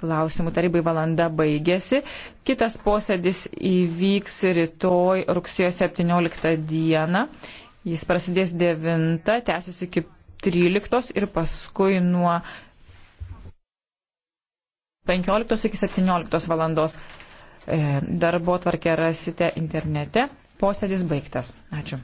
klausimų tarybai valanda baigėsi. Kitas posėdis įvyks rytoj rugsėjo 17 dieną. Jis prasidės 9, tęsis iki 13 ir paskui nuo 15 iki 17 valandos. E, darbo tvarkę rasite internete. Posėdis baigtas. Ačiū.